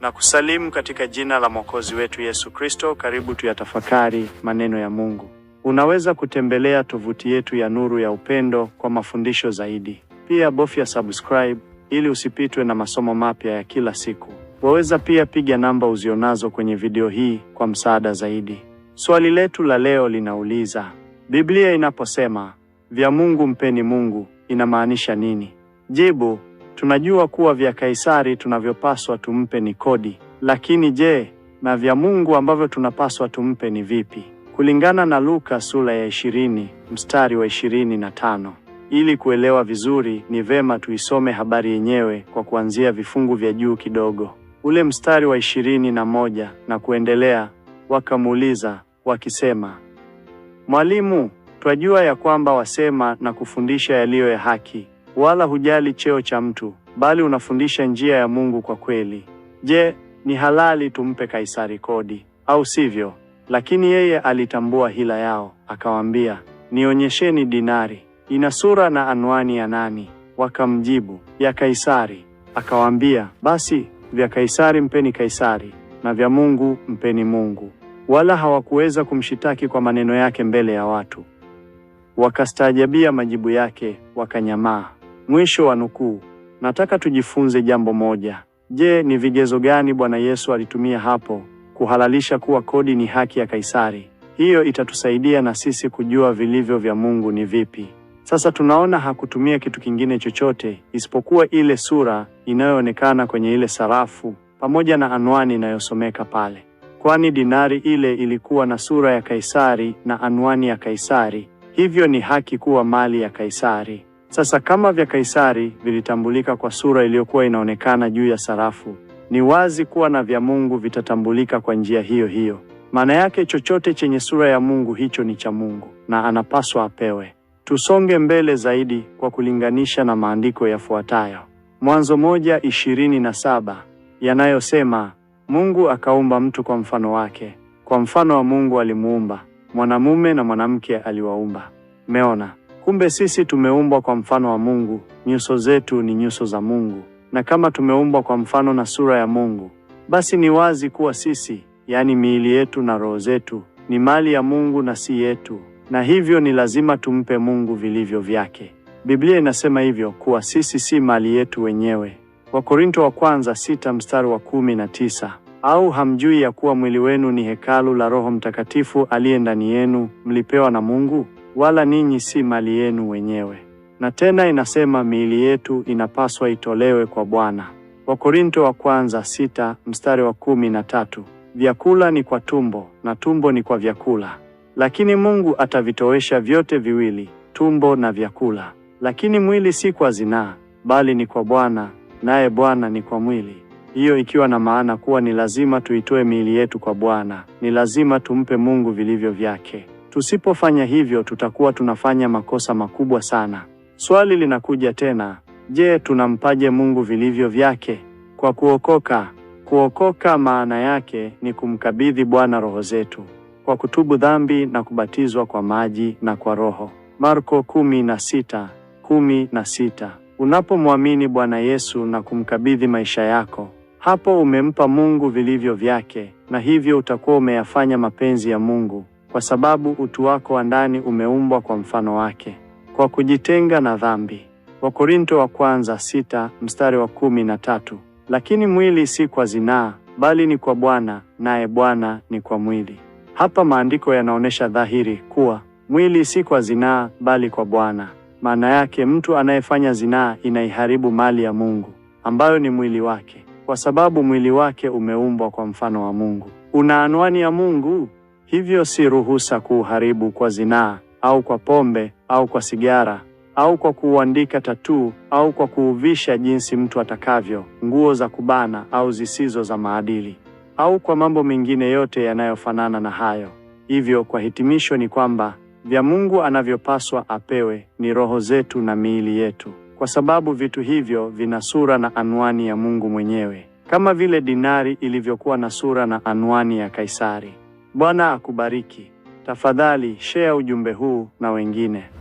na kusalimu katika jina la Mwokozi wetu Yesu Kristo. Karibu tuyatafakari maneno ya Mungu. Unaweza kutembelea tovuti yetu ya Nuru ya Upendo kwa mafundisho zaidi. Pia bofya subscribe ili usipitwe na masomo mapya ya kila siku. Waweza pia piga namba uzionazo kwenye video hii kwa msaada zaidi. Swali letu la leo linauliza, Biblia inaposema vya Mungu mpeni Mungu inamaanisha nini? Jibu: Tunajua kuwa vya Kaisari tunavyopaswa tumpe ni kodi, lakini je, na vya Mungu ambavyo tunapaswa tumpe ni vipi? Kulingana na Luka sura ya 20 mstari wa 25. Ili kuelewa vizuri, ni vema tuisome habari yenyewe kwa kuanzia vifungu vya juu kidogo, ule mstari wa ishirini na moja na kuendelea. Wakamuuliza wakisema, Mwalimu, twajua ya kwamba wasema na kufundisha yaliyo ya haki wala hujali cheo cha mtu, bali unafundisha njia ya Mungu kwa kweli. Je, ni halali tumpe Kaisari kodi au sivyo? Lakini yeye alitambua hila yao, akawaambia, nionyesheni dinari, ina sura na anwani ya nani? Wakamjibu, ya Kaisari. Akawaambia, basi vya Kaisari mpeni Kaisari, na vya Mungu mpeni Mungu. Wala hawakuweza kumshitaki kwa maneno yake mbele ya watu, wakastaajabia majibu yake, wakanyamaa. Mwisho wa nukuu. Nataka tujifunze jambo moja. Je, ni vigezo gani Bwana Yesu alitumia hapo kuhalalisha kuwa kodi ni haki ya Kaisari? Hiyo itatusaidia na sisi kujua vilivyo vya Mungu ni vipi. Sasa tunaona hakutumia kitu kingine chochote isipokuwa ile sura inayoonekana kwenye ile sarafu pamoja na anwani inayosomeka pale, kwani dinari ile ilikuwa na sura ya Kaisari na anwani ya Kaisari, hivyo ni haki kuwa mali ya Kaisari. Sasa kama vya Kaisari vilitambulika kwa sura iliyokuwa inaonekana juu ya sarafu, ni wazi kuwa na vya Mungu vitatambulika kwa njia hiyo hiyo. Maana yake chochote chenye sura ya Mungu hicho ni cha Mungu na anapaswa apewe. Tusonge mbele zaidi kwa kulinganisha na maandiko yafuatayo. Mwanzo moja ishirini na saba yanayosema Mungu akaumba mtu kwa mfano wake, kwa mfano wa Mungu alimuumba, mwanamume na mwanamke aliwaumba. Meona? Kumbe sisi tumeumbwa kwa mfano wa Mungu, nyuso zetu ni nyuso za Mungu, na kama tumeumbwa kwa mfano na sura ya Mungu, basi ni wazi kuwa sisi, yaani miili yetu na roho zetu, ni mali ya Mungu na si yetu, na hivyo ni lazima tumpe Mungu vilivyo vyake. Biblia inasema hivyo kuwa sisi si mali yetu wenyewe. Wakorinto wa kwanza sita mstari wa kumi na tisa. Au hamjui ya kuwa mwili wenu ni hekalu la Roho Mtakatifu aliye ndani yenu, mlipewa na Mungu? wala ninyi si mali yenu wenyewe. Na tena inasema miili yetu inapaswa itolewe kwa Bwana. Wakorinto wa kwanza sita mstari wa kumi na tatu. Vyakula ni kwa tumbo na tumbo ni kwa vyakula, lakini Mungu atavitowesha vyote viwili, tumbo na vyakula. Lakini mwili si kwa zinaa, bali ni kwa Bwana, naye Bwana ni kwa mwili. Hiyo ikiwa na maana kuwa ni lazima tuitoe miili yetu kwa Bwana, ni lazima tumpe Mungu vilivyo vyake. Tusipofanya hivyo, tutakuwa tunafanya makosa makubwa sana. Swali linakuja tena, je, tunampaje Mungu vilivyo vyake? Kwa kuokoka. Kuokoka maana yake ni kumkabidhi Bwana roho zetu kwa kutubu dhambi na kubatizwa kwa maji na kwa Roho. Marko kumi na sita kumi na sita. Unapomwamini Bwana Yesu na kumkabidhi maisha yako, hapo umempa Mungu vilivyo vyake, na hivyo utakuwa umeyafanya mapenzi ya Mungu kwa sababu utu wako wa ndani umeumbwa kwa mfano wake, kwa kujitenga na dhambi. Wakorinto wa kwanza sita mstari wa kumi na tatu. Lakini mwili si kwa zinaa, bali ni kwa Bwana, naye Bwana ni kwa mwili. Hapa maandiko yanaonyesha dhahiri kuwa mwili si kwa zinaa, bali kwa Bwana. Maana yake mtu anayefanya zinaa inaiharibu mali ya Mungu ambayo ni mwili wake, kwa sababu mwili wake umeumbwa kwa mfano wa Mungu. Una anwani ya Mungu. Hivyo si ruhusa kuuharibu kwa zinaa au kwa pombe au kwa sigara au kwa kuuandika tatuu au kwa kuuvisha jinsi mtu atakavyo nguo za kubana au zisizo za maadili au kwa mambo mengine yote yanayofanana na hayo. Hivyo kwa hitimisho ni kwamba vya Mungu anavyopaswa apewe ni roho zetu na miili yetu, kwa sababu vitu hivyo vina sura na anwani ya Mungu mwenyewe, kama vile dinari ilivyokuwa na sura na anwani ya Kaisari. Bwana akubariki. Tafadhali share ujumbe huu na wengine.